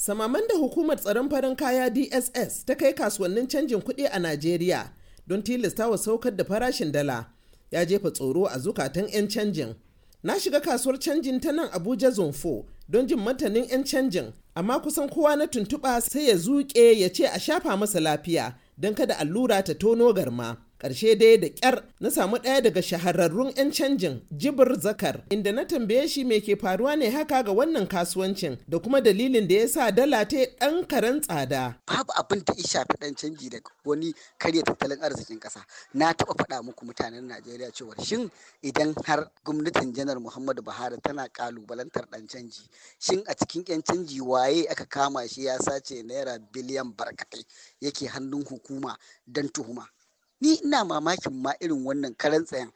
Samaman da hukumar tsaron farin kaya DSS ta kai kasuwannin canjin kuɗi a Najeriya don tilasta wa saukar da farashin dala ya jefa tsoro a zukatan 'yan canjin. Na shiga kasuwar canjin ta nan Abuja Zonfo don jin martanin 'yan canjin, amma kusan kowa na tuntuɓa sai ya zuƙe ya ce a shafa masa lafiya don kada allura ta tono garma. Ƙarshe dai da kyar na samu ɗaya daga shahararrun 'yan canjin Jibir Zakar inda na tambaye shi me ke faruwa ne haka ga wannan kasuwancin da kuma dalilin da ya sa dala ta ɗan karen tsada. Babu abin da ya shafi ɗan canji da wani karya tattalin arzikin ƙasa. Na taba faɗa muku mutanen Najeriya cewa shin idan har gwamnatin janar Muhammadu Buhari tana kalubalantar ɗan canji shin a cikin 'yan canji waye aka kama shi ya sace naira biliyan barkatai yake hannun hukuma don tuhuma. ni ina mamakin ma irin wannan karan tsayan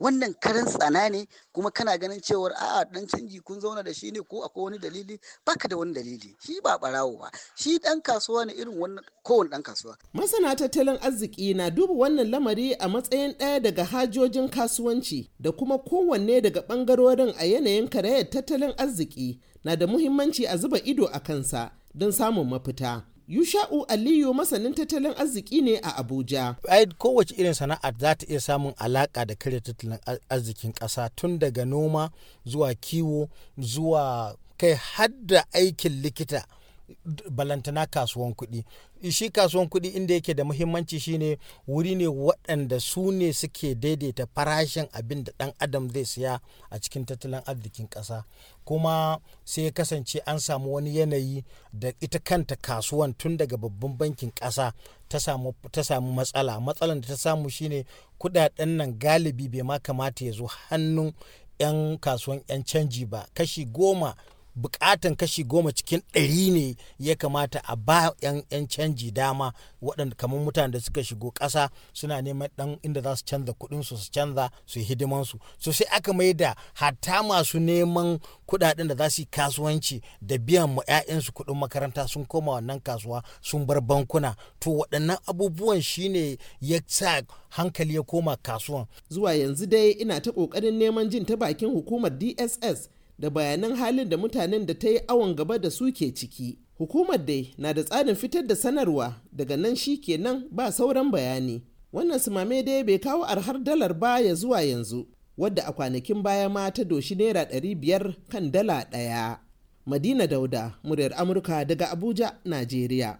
wannan karan tsana ne kuma kana ganin cewar a dan canji kun zauna da shi ne ko akwai wani dalili baka da wani dalili shi ba barawo ba shi dan kasuwa ne irin wannan kowane dan kasuwa masana tattalin arziki na duba wannan lamari a matsayin ɗaya daga hajojin kasuwanci da kuma kowanne daga bangarorin a yanayin karayar tattalin arziki na da muhimmanci a zuba ido a kansa don samun mafita Yusha'u Aliyu masanin tattalin arziki ne a Abuja. Ai kowace irin sana'a za ta iya samun alaka da karya tattalin arzikin ƙasa tun daga noma zuwa kiwo zuwa kai hadda aikin likita balantana kasuwan kuɗi shi kasuwan kuɗi inda yake da muhimmanci shine wuri ne waɗanda su ne suke daidaita farashin abin da ɗan adam zai siya a cikin tattalin arzikin ƙasa kuma sai ya kasance an samu wani yanayi da ita kanta kasuwan tun daga babban bankin ƙasa ta samu matsala matsalan da ta samu shine kuɗaɗen nan galibi bai ma kamata ya zo hannun 'yan kasuwan 'yan canji ba kashi goma bukatan kashi goma cikin ɗari ne ya kamata a ba 'yan canji dama waɗanda kamar mutanen da suka shigo ƙasa suna neman ɗan inda za su canza kuɗin su canza su yi hidimansu so sai aka mai da hatta masu neman kuɗaɗen da za su yi kasuwanci da biyan mu 'ya'yansu kuɗin makaranta sun koma wannan kasuwa sun bar bankuna to waɗannan abubuwan shine ya sa hankali ya koma kasuwan zuwa yanzu dai ina ta ƙoƙarin neman jin ta bakin hukumar dss da bayanan halin da mutanen da ta yi awon gaba da su ke ciki hukumar dai na da tsarin fitar da sanarwa daga nan shi kenan ba sauran bayani wannan simame dai bai kawo arhar dalar ba ya zuwa yanzu wadda a kwanakin baya ma ta doshi naira ɗari biyar kan dala ɗaya madina dauda muryar amurka daga abuja najeriya